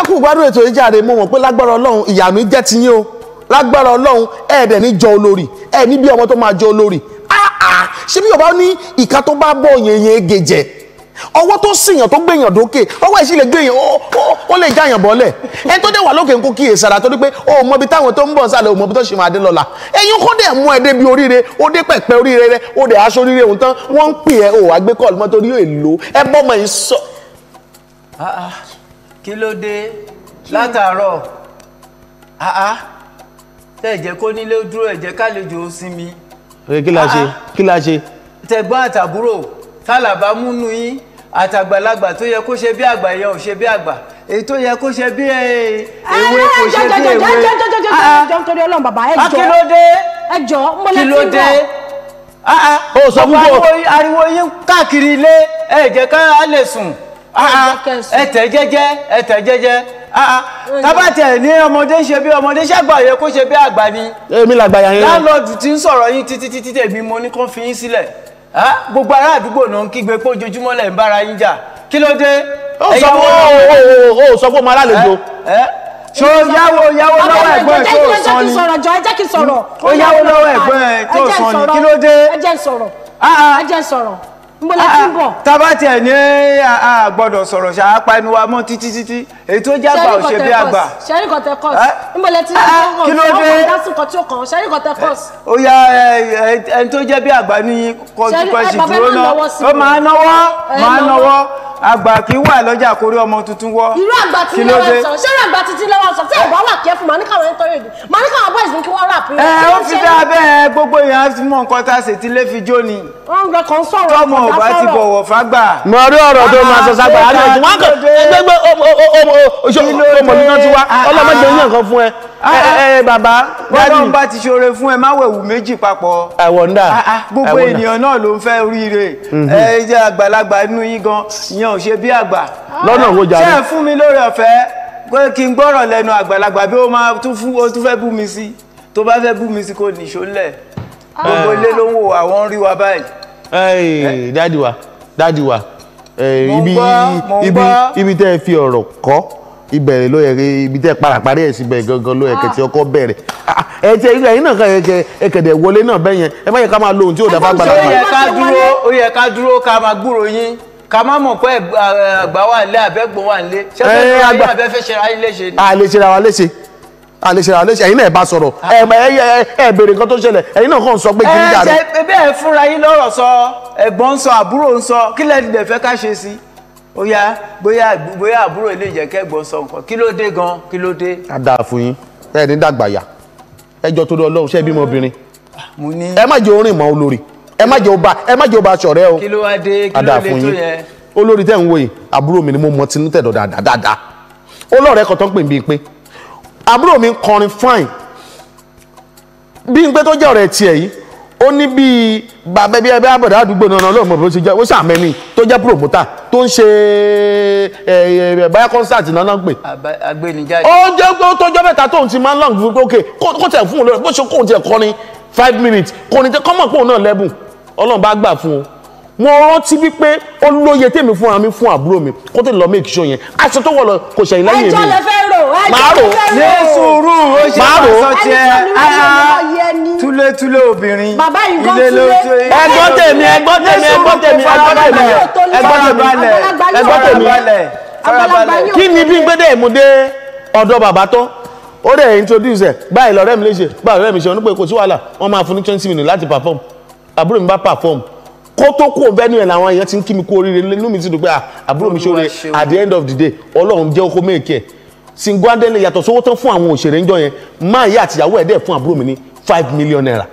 ẹ̀yà kù gbádùn ètò yìí jáde mo mọ̀ pé lágbára ọlọ́run ìyànú jẹ́ ti yín o lágbára ọlọ́run ẹ̀ẹ́dẹ̀ ní jọ olórí ẹ̀ ní bí ọmọ tó máa jọ olórí áà ah, ah. ṣé bí yorùbá ní ìka tó bá bọ̀ yẹ̀yẹ̀ gèjẹ̀ ọwọ́ tó sìyàn tó gbèyàn dókè ọwọ́ ẹ̀ sì lè gbèyàn ó lè jáyàn bọ́lẹ̀ ẹ tó dé wà lókè ń kó kíyè sára torí pé o mọ ibi táwọn tó ń bọ̀ sálẹ̀ o mọ ibi tó ṣe máa dé lọ́la ẹ̀yin kó dẹ̀ mú ẹ débi oríire ó dé pẹ̀pẹ́ oríire rẹ ó dẹ̀ aṣọ oríire òun tán wọ́n ń pè ẹ́ o àgbékọ́ọ̀lù mọ́tò orí èlò ẹ bọ́ mọ́ ẹ sọ. Ah, kí ló dé látàárọ̀ àá tẹ́ ẹ̀ jẹ́ kó nílé dúró ẹ̀ jẹ́ kálejò ó sinmi. Ah, ah. kí la ṣe kí la ṣe. tẹ̀gbọ́n àtàbúrò tálàbà múnú yín àtàgbàlagbà tó yẹ kó ṣe bí àgbà yẹn ò ṣe bí àgbà èyí tó yẹ kó ṣe bí eh, ewé ah, kò ṣe bí ewé. jọ nítorí Ọlọ́run bàbá ẹ jọ kí ló dé ẹ jọ mọlẹ tí ń bọ ó sọ fún bò ariwo yín káàkiri ilé ẹ jẹ́ ká lè sùn. Ah, ah, ẹtẹ jẹ́jẹ́ ẹtẹ jẹ́jẹ́ ah, tábàtẹ ní ọmọdé ṣe bí ọmọdé ṣàgbà yẹ kó ṣe bí àgbà ni. èmi làgbà yà yẹn. láńlọ́ọ̀dù ti ń sọ̀rọ̀ yín títí títí tèmi mo ní kó fi yín sílẹ̀ gbogbo ará àdúgbò náà ń kígbe pé ojoojúmọ́ lẹ̀ ń bára yín jà kí ló dé. ó sọ fún ó sọ fún ọmọ alálejò eh, eh, ṣó yáwó yáwó lọ́wọ́ ẹ̀gbọ́n ẹ̀ tó sọ ni ẹ jẹ́ kí n sọ̀rọ̀ ó yáwó lọ́wọ́ ẹ̀gbọ́n ẹ̀ tó sọ ni kí ló dé. ẹ sọ̀rọ̀ mo lè tún ah, bọ̀. tábà tiẹ̀ ní a gbọ́dọ̀ sọ̀rọ̀ ṣáà ẹnu wa mọ́ títí títí èyí tó jágbà ò bí àgbà. sẹ́rí kan tẹ kọ́ọ̀sì mo lè ti lọ́wọ́ ah, kí ló dé ọkọ̀ kan tí ó kàn sẹ́rí kan tẹ eh, kọ́ọ̀sì. ó yá eh, eh, ẹni tó jẹ́ bí àgbà ní kọ́ọ̀sì kọ́ọ̀sì dúró náà ó máa náwó máa náwó àgbà kì í wà lọ́jà kórí ọmọ tuntun wọ́. irú àgbà tí ló wọ́n sọ ṣẹ́rẹ́ àgbà títí lọ́wọ́ sọ tí ẹ̀bá wà kẹ́ fún maníkà wọn nítorí èdè maníkà wọn bọ́ọ̀sì ní kí wọ́n rà fún yín. ẹ ó fi dá abẹ́ gbogbo èèyàn ti mọ nǹkan tá a ṣètì lé fi jó ni. ọ̀rọ̀ kan sọ̀rọ̀ tọmọ ò bá ti bọ̀wọ̀ fágbà. mo rí ọ̀rọ̀ tó máa sọ ságbà á lè ẹ ah, eh, ah. eh, eh, bàbá bọ́lọ́n bá ti ṣoore fún ẹ má wẹ̀wù méjì papọ̀. àwọ̀ndà ah, gbogbo ènìyàn náà ló ń fẹ́ oríire ẹ mhm. jẹ́ àgbàlagbà inú yín gan ìyẹn ò ṣe bí àgbà. lọ́nà wo jàre ṣé ẹ fún mi lórí ọ̀fẹ́ pé kí n gbọ́rọ̀ lẹ́nu àgbàlagbà bí ó máa tún fún ó tún fẹ́ bú mi sí tó bá fẹ́ bú mi sí kò nìṣó ńlẹ̀ gbogbo ilé ló ń wo àwọn rí wa báyìí. dáàdì wa dáàdì wa ibi ibi ibi tẹ́ ẹ fi ọ̀rọ̀ kọ́ ibẹ̀rẹ̀ ló yẹ ibi tẹ́ parapari ẹ̀ sí ibẹ̀rẹ̀ gangan ló yẹ kẹ́ ti ọkọ bẹ̀rẹ̀ ẹ ti ẹyin ah, náà kàn yẹ ẹkẹ̀dẹ̀ wọlé náà bẹ́yẹn ẹ má yẹ ká máa lo ohun tí ò dáfà gbàlagbà. ó yẹ ká dúró ká máa gbúrò yín ká má mọ̀ pé àgbà wà àbẹ́gbọ̀n wà ṣé eh, a lè ṣe ra wa léṣe wa léṣe náà ẹ bá ah. ẹ ẹ nǹkan tó náà ó yá bóyá bóyá àbúrò ilé ìjẹ́ kẹ́gbọ́n sọ nǹkan kí ló dé gan kí ló dé. a dáa fún yín ẹ ní dàgbàyà ẹjọ tó lọ Ọlọ́run ṣe é bímọ obìnrin ah, ẹ má jẹ orin mọ olórí ẹ má jẹ ọba ẹ má jẹ ọba aṣọ rẹ o kí ló wá dé kí ló lè tó yẹ. olórí tẹ̀ ń wòye àbúrò mi ni mo mọ tinú tẹ̀dọ̀ dáadáa dáadáa olóòrẹ́ kan tó ń pè mí pé àbúrò mi ń kọrin fine bí n gbé tó jẹ́ ọ̀rẹ́ tiẹ̀ yìí ó ní bíi bàbá bíi ẹbí àbọ̀dá àdúgbò náà lọ́mọ bó ṣe jẹ́ ó ṣàmẹ́ni tó jẹ́ promoter tó ń ṣe báyà concert náà náà pè. àgbẹ̀nijáde. ó jẹ́ pé ó tọ́jọ́ mẹ́ta tóun ti máa ń lọ́n fún ok kó tẹ̀ fún un lórí bó ṣe kóun tiẹ̀ kọrin five minutes kọrin tẹ kọ́mọ̀ pòun náà lẹ́bùn ọlọ́run bá gbà fún un mo rántí wípé ó lóye tèmi fúnra mi fún àbúrò mi kó tèmi lọ make sure yẹn aṣọ tó wọ̀ lọ kò ṣẹ̀yìn lẹ́yìn mi. ẹjọ́ lè fẹ́ máa rò ní sùúrù ó ṣe máa sọ tiẹ túlétúlé obìnrin ilé ló tó yẹ. ẹ̀gbọ́n tèmi ẹ̀gbọ́n tèmi ẹ̀gbọ́n tèmi ẹ̀gbọ́n tèmi ẹ̀gbọ́n tèmi ẹ̀gbọ́n tèmi farabalẹ̀. kí ni bí n gbédè mú dé ọ̀dọ̀ bàbá tán ó dẹ̀ introduce ẹ̀ báyìí lọ́rẹ́ mi lè ṣe báyìí lọ́rẹ́ mi ṣe onípe kò sí wàhálà wọ́n máa fún ní twenty minutes láti perform àbúrò mi bá perform kó tó kú òbẹ́nu ẹ̀ làwọn èèyàn ti ń kí mi kú oríire nínú mi ti dùn pé ah, àbúrò mi ṣe oore at the end of the day ọlọ́run jẹ́ oko méèké ẹ̀ singwadele yàtọ̀ sówó tán fún àwọn òṣèré ńjọ yẹn máa yá àtìyàwó ẹ̀ dẹ̀ fún àbúrò mi ní five million naira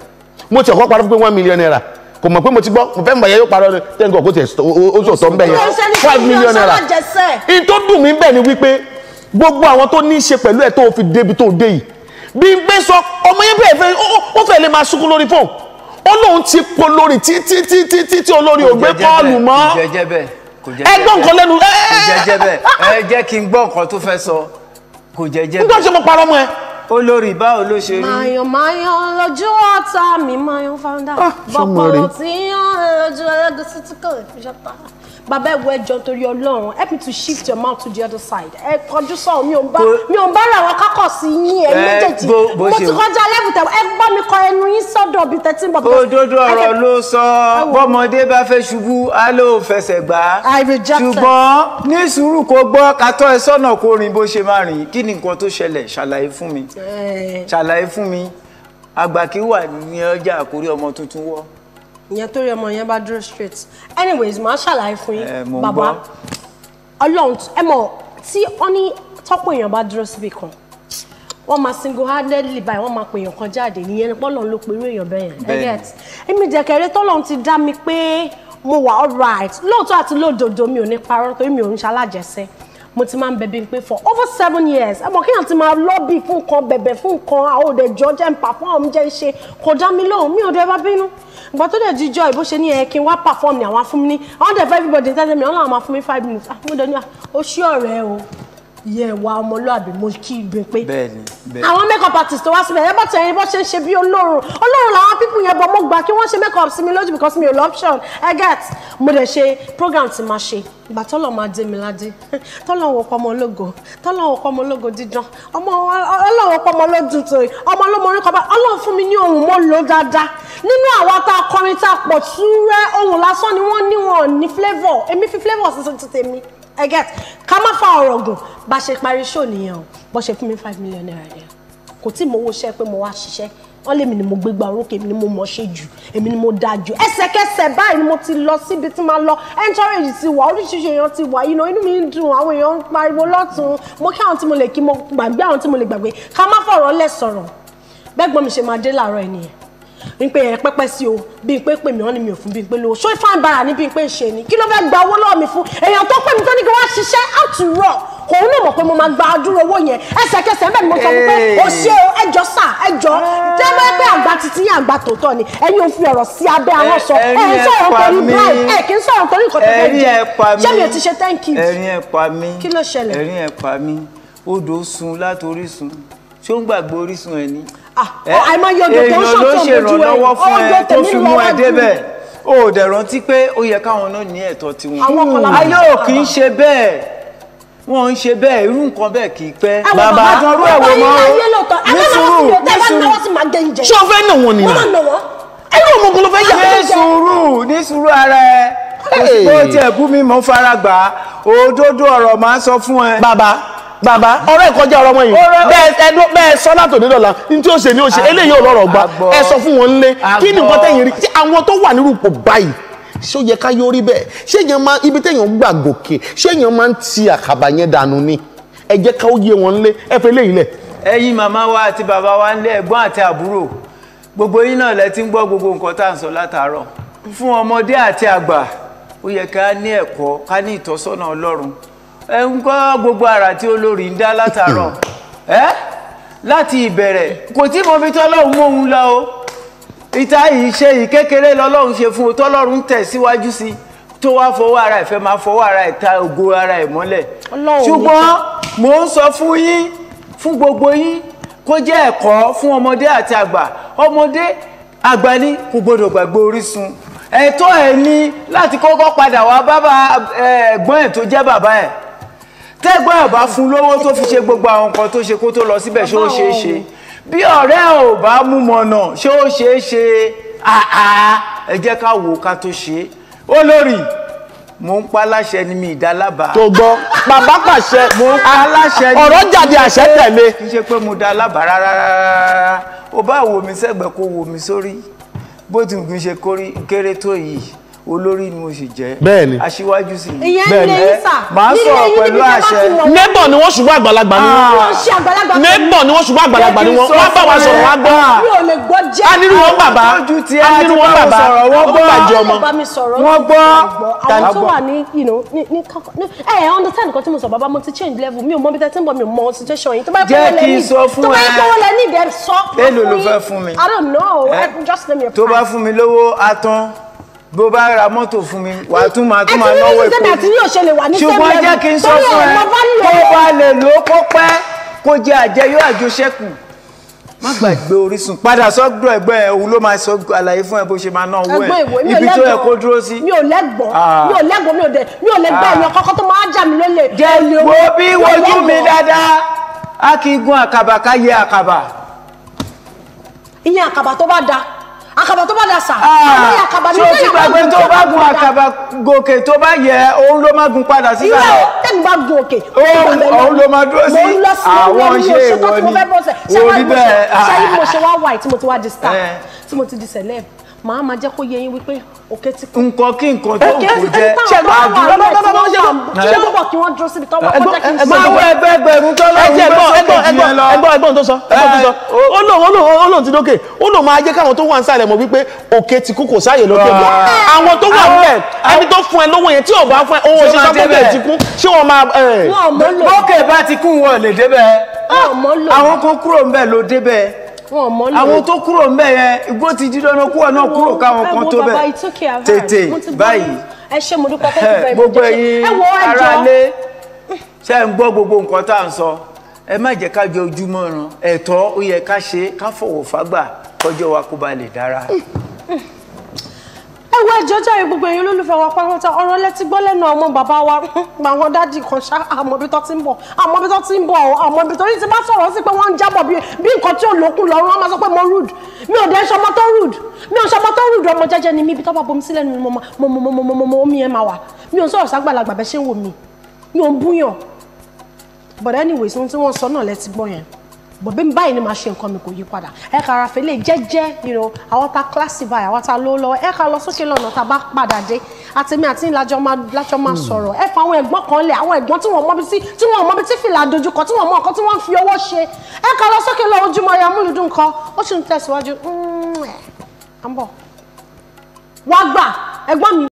mo ti ọ̀kọ́ parọ́ pé one million naira kò mọ̀ pé mo ti gbọ́ mo fẹ́ mọ̀ yẹn yóò parọ́ ni ten god tẹ̀ ó sọ tọ́ ń bẹ̀ yẹn five million naira in tó dùn mí bẹ́ẹ̀ ni wípé gbogbo àwọn tó ní í ṣe pẹ̀lú ẹ̀ tó fi débi tó dé yìí bí n gbé sọ ọmọ yẹn bẹ́ẹ̀ fẹ́ ó fẹ́ lè máa sunkún lórí fóun ó lóun ti po lórí títí títí títí olórí ògbé bọ́ọ̀lù mọ́ ẹ gbọ́ nǹkan lẹ́nu ẹ jẹ́ bẹ́ẹ̀ ẹ jẹ́ kí n gbọ́ nǹkan tó fẹ́ sọ kò jẹ́jẹ́. nígbà tí mo parọ́ mọ́ ẹ. olórí báwo ló ṣe rí. lọ́jọ́ ta mi mọ yóò fáńdà ah, bọ̀pọ̀ tí ọ̀rẹ́jọ eh, ẹlẹ́gbẹ́ sí tí kò help me to shift your mouth to the other side. Ẹ kọjú sọ̀rọ̀ mi ò ń bá mi ò ń bá ra àwọn kákọ̀ sí yín ẹ eh, méjèèjì. Mo ti kọjá lẹ́bù tẹ̀wọ̀ ẹ gbọ́ mi kọ ẹnu yín sọ́dọ̀ bíi thirteen bọ̀. Òdodo ọ̀rọ̀ ló sọ bọ́mọdé bá fẹ́ ṣubú á ló fẹsẹ̀ gbá. I reject it. Ṣùgbọ́n ní sùúrù kó gbọ́ katọ́ ẹ sọ́nà kó rìn bó ṣe máa rìn kí ni nǹkan tó ṣẹlẹ̀ ṣàlàyé fún mi. Eh. Ṣàlàyé fún mi àgbà kí wà ní ọjà àkórí ọmọ tuntun wọ́ ìyẹn torí ọmọ yẹn bá dúró straight anyways màá ṣàlàyé fún yín bàbá ọlọ́run ẹ mọ̀ tí wọ́n ní tọ́pọ̀ èèyàn bá dúró síbi kan wọ́n máa single handedly báyìí wọ́n máa pè èèyàn kan jáde nìyẹn nípa ọlọ́run ló pe irú èèyàn bẹ́ẹ̀ yẹn ẹ get èmi jẹ̀kẹ̀rẹ́ tọ́lọ́run ti dá mi pé mo wà alright lóòótọ́ àti lódodo mi ò ní parọ́ torí mi ò ń ṣalájẹsẹ́ mo ti máa ń bẹ̀bẹ̀ pé for over seven years ẹ mọ̀ kéèyàn ti máa lọ́bì fún nǹkan bẹ̀bẹ̀ fún nǹkan àwọn òde jọ jẹ́ ń perform jẹ́ ń ṣe kò dá mi lóhùn mi ò dé bá bínú ìgbà tó dẹ̀ jíjọ ìbò ṣe ní ẹ kí n wá perform ni àwọn afúnmi ní àwọn dẹ̀ fẹ́ everybody tẹ́lẹ̀ mi ọ̀nà àwọn afúnmi five minutes ah mo dẹ̀ ní à ah, ó ṣí ọ̀rẹ́ o yẹ ìwà ọmọlúàbí mo kí ìgbé pé àwọn makeup artist tó wá síbẹ̀ ẹ bọ́ tẹ̀ ẹyin bọ́ ṣe ń ṣe bí olóòrùn olóòrùn làwọn pípù yẹn bọ̀ mo gbà kí wọ́n ṣe makeup sí mi lójú because mi ò lọ option I get mo dẹ̀ ṣe program tí máa ṣe ìgbà tọ́lọ̀ máa dé mi ládé tọ́lọ̀ wọ pọmọ ológo tọ́lọ̀ wọ pọmọ ológo dídán ọmọ ọlọ́wọ́ pọmọ olódùn tòyí ọmọ ọlọ́mọ orí kọba ọlọ́run fún mi ní ohun mọ́ lò dáadáa nínú àwa tá a kọrin tá a pọ̀ túrẹ́ ohun lásán ni wọ́n ní wọn ní flavour èmi fi flavour sí ti tèmi. I get ká má fa ọ̀rọ̀ gùn bá ṣe parí ṣó nìyẹn o bó ṣe fún mi five million naira yẹn kò tí mo wo ṣe pé mo wá ṣiṣẹ́ wọ́n lèmi ni mo gbégbá orókè èmi ni mo mọ̀ ṣe jù èmi ni mo da jù ẹsẹ̀kẹsẹ̀ báyìí ni mo ti lọ síbi tí máa lọ encourage ti wà oríṣiríṣi èèyàn ti wà yìí inú mi ń dùn àwọn èèyàn ń pariwo lọ́tún mo kí àwọn tí mo lè kí mo gbàgbé àwọn tí mo lè gbàgbé ká má fọ̀rọ̀ lẹ̀ sọ̀rọ̀ bẹ́gbọ́n mi ṣe máa dé láàárọ̀ ẹ̀ Bímpé ẹ pẹ́pẹ́ sí o Bímpé pè mí wọ́n ní mi ò fún Bímpé lówó ṣó ifá ń bara ní Bímpé ṣe ni kí ló fẹ́ gba owó lọ́wọ́ mi fún èèyàn tó pè mí tó ní kí wọ́n ṣiṣẹ́ àtúrọ̀ òun náà mọ̀ pé mo máa gba àdúrà owó yẹn ẹsẹ̀kẹsẹ̀ bẹ́ẹ̀ ni mo sọ fún pé o ṣe o ẹjọ́ sà ẹjọ́ jẹ́wọ́ pé àgbà titi yín àgbà tòótọ́ ni ẹ̀yin ò fi ọ̀rọ̀ sí abẹ́ àwọn sọ ẹ̀ sọ̀rọ̀ torí bribe ẹ̀ kì í sọ̀rọ̀ torí nǹkan tó fẹ́ mi ò ti ṣe thank you ẹ̀rín ẹ̀ pa mí kí ló ṣẹlẹ̀ ẹ̀rín ẹ̀ pa mí odò sun látorí sun ṣó ń gbàgbé orísun ẹ̀ ni Ah, eh, oh, àìmọye odò tó ń ṣàtọ̀ lójú ẹ ọjọ́ tèmi lọ́wọ́ o dẹ̀ rántí pé ó yẹ káwọn náà ní ẹ̀tọ́ tiwọn ayé ò kì í ṣe bẹ́ẹ̀ wọ́n ń ṣe bẹ́ẹ̀ irú nǹkan bẹ́ẹ̀ kì í pẹ́. bàbá àjọrú ẹ̀ wò mọ́ o ní sùúrù ní sùúrù ṣé o fẹ́ nà wọ́n nìyà ẹ̀rọ ọmọkùnrin ló fẹ́ yà. ní sùúrù ní sùúrù ara ẹ kò sí bó tiẹ̀ bú mi mọ́ fara gbà òdodo ọ̀rọ̀ máa ń sọ fún ẹ. bàbá Baba, ọ̀rọ̀ ìkọjá ọ̀rọ̀ ọmọ yìí bẹ́ẹ̀ sọ látò ní dọ̀la ní tí ó ṣe ní ó ṣe eléyìí ò lọ́rọ̀ gbà ẹ sọ fún wọn lé kí ni nǹkan tẹ̀yìn rí tí àwọn tó wà nírú ipò báyìí ṣó yẹ ká yọrí bẹ́ẹ̀ ṣé èèyàn máa ibi téèyàn gbà gòkè ṣé èèyàn máa ń ti àkàbà yẹn dànù ni ẹ jẹ́ ká ó yé wọn lé ẹ fẹ́ léyìí lẹ̀. ẹ̀yin màmá wa àti bàbá wa ń lé ẹ̀gbọ́n àti àbúrò gbogbo yín náà lẹ ti ń gbọ́ gbogbo nǹkan tá à ń sọ látàárọ̀ fún ọmọdé àti àgbà ó yẹ ká ní ẹ̀kọ́ ká ní ìtọ́sọ́nà Ọlọ́run ẹ ń gbọ́ gbogbo àrà tí olórí ń dá látàárọ̀ hmm. ẹ́ láti ìbẹ̀rẹ̀ kò tí mo fi tọ́lọ́run mú òun lọ o ìta ìṣe ìkékeré lọ́lọ́run ṣe fún o tọ́lọ́run tẹ̀ síwájú sí tó wá fọwọ́ ara ẹ̀ fẹ́ máa fọwọ́ ara ẹ̀ ta ògo ara ẹ̀ mọ́lẹ̀ ṣùgbọ́n mò ń sọ fún yín fún gbogbo yín kó jẹ́ ẹ̀kọ́ fún ọmọdé àti àgbà ọmọdé àgbà ni kò gbọdọ̀ gbàgbé orísun ẹ̀tọ́ ẹ̀ ni láti kọ́kọ́ padà wá bàbá ẹ̀gbọ́n ẹ̀ tó jẹ́ bàbá ẹ̀ tẹ́gbọ́n ẹ̀ bá fún lówó tó fi ṣe gbogbo àwọn nǹkan tó ṣe kó tó lọ síbẹ̀ ṣé ó ṣeé ṣe bí ọ̀rẹ́ ò bá mú mọ̀nà ṣé ó ṣeé ṣe àá ẹ jẹ́ ká wò ká tó ṣe é olórí mò ń pa láṣẹ ni mi ìdálábàá. tó gbọ́ bàbá pàṣẹ mò ń pa láṣẹ ni ọ̀rọ̀ jáde àṣẹ tẹ̀lé. kì í ṣe pé mo da alábàá rárá ó bá wo mi sẹ́gbẹ̀ẹ́ kó wo mi sórí bó ti ń gbin ṣe kéré tó yìí olórí ni mo sì jẹ́ bẹ́ẹ̀ni aṣíwájú sì ni bẹ́ẹ̀ni eh, máa sọ̀rọ̀ pẹ̀lú àṣẹ. nébọ̀ ni wọ́n ṣùgbọ́n àgbàlagbà ni wọ́n ah. nébọ̀ ni wọ́n ṣùgbọ́n àgbàlagbà ni wọ́n wọ́n bá wa sọ̀rọ̀ wá gbọ́ anínú wọn bàbá anínú wọn bàbá wọ́n gbọ́ àjọ ọmọ wọ́n gbọ́ àwọn tó wà ní ẹ ẹ understand nǹkan tí mo sọ bàbá mo ti change level mi ò mọ bí tẹ́tí ń bọ̀ mi ò mọ situation yìí tó bá yẹ kó wọlé ní ìdẹ́ sọ fún mi I don't know eh? just name your price. tó bá fún mi lówó atán bó bá ra mọ́tò fún mi wà á tún máa tún máa náwó epo ṣùgbọ́n jẹ́ kí n sọ fún ẹ kó bá lè lò ó kó pẹ́ kó jẹ àjẹyó àjọṣẹ́kù má gbàgbé orísun padà sọ́dọ̀ ẹ̀gbọ́n ẹ̀ òun ló máa sọ àlàyé fún ẹ bó ṣe máa ná owó ẹ̀ ibi tó yẹ kó dúró sí. mi ò lẹ́gbọ̀n ah. mi ò lẹ́gbọ̀n mi ò dẹ̀ mi ò lẹ́gbọ̀n ẹ̀yàn ah. kọ́kọ́ tó máa jà mí lólè. jẹ́ wo bí wojú mi dáadáa a kì í gun àkàbà ká yẹ àkàbà. ìyẹn àkàbà tó bá da àkàbà tó bá lè sà. Ah, ṣé o ti gbàgbé tó bá gun àkàbà gòkè tó bá yẹ òun ló má gun padà sí sàlẹ̀. ìwé tẹ́mi bá gun òkè. òun ló má dúró sí àwọn ṣé ìwọ ni orí bẹ́ẹ̀. ṣáyé ah. mo ṣe wá wà tí mo ti wá di star eh. tí mo ti di celeb màá máa jẹ́ kó yẹ yín wípé òkè ti kú. nǹkan kí nǹkan tó ń kó jẹ́ ṣé gbogbo kí wọ́n dúró síbi tọ́wọ́ kọjá kí n sọ. máa wọ ẹgbẹ́ ẹgbẹ̀rún tó lọ́wọ́ ẹgbọ́n ẹgbọ́n tó sọ olóhùn ti dókè àwọn tó kúrò ń bẹ̀ igbó ti dídọ́nà kúrò náà kúrò káwọn kan tó bẹ̀ tètè báyìí ẹ ṣé mo dúpẹ́ thank you very much gbogbo ẹ̀yin ara lé ṣe ń gbọ́ gbogbo nǹkan tá à ń sọ ẹ má jẹ́ ká jẹ ojúmọ́ ran ẹ̀tọ́ ó yẹ ká ṣe ká fọwọ́ fágbà kọjọ́ wa kó ba lè dára ẹ wo ẹjọ́ jẹ́ gbogbo ẹ̀yin olólùfẹ́ wa pátápátá ọ̀rọ̀ lẹ́tí gbọ́ lẹ́nu ọmọ bàbá wa àwọn dádì kan ṣá àmọ́bí tó ti ń bọ̀ àmọ́bí tó ti ń bọ̀ àmọ́bí tó ti bá sọ̀rọ̀ sí pé wọ́n ń jábọ̀ bí nǹkan tí ò lókun lọ́rùn wọ́n máa sọ pé mo rude mi ò dé ṣọmọ tó rude mi ò ṣọmọ tó rude ọmọ jẹ́jẹ́ ni mi ibi tó bá bomi sílẹ̀ nínú mo mi ẹ̀ máa wà mi ò sọ̀rọ̀ ságbàlagbà bẹ́ ṣé wò mí mi ò ń búyàn but anyways ohun tí wọ́n sọ náà lẹ́tí gbọ́ yẹn bọ̀ bí báyìí ni màá ṣe nǹkan mi kò yí padà ẹ kà ara fèlè jẹ́jẹ́ you know àwọn ta kíláàsì báyìí àwọn ta ló lọ́wọ́ ẹ kà lọ sókè lọ́nà tá a bá padà dé àtẹ̀mí àti ìlàjọ máa lájọ máa hmm. sọ̀rọ̀ ẹ fa àwọn ẹ̀gbọ́n kan lẹ̀ àwọn ẹ̀gbọ́n tí wọ́n mọ̀ bí tí tí wọ́n mọ̀ bí tí fìlà dojúkọ tí wọ́n mọ̀ ọkọ tí wọ́n fi owó ṣe ẹ kà lọ sókè lọ ojúmọ́ ya múlùdùn kan ó sì ń tẹ̀síwájú hmm, ń bọ̀ wá gbà ẹ̀gbọ́n mi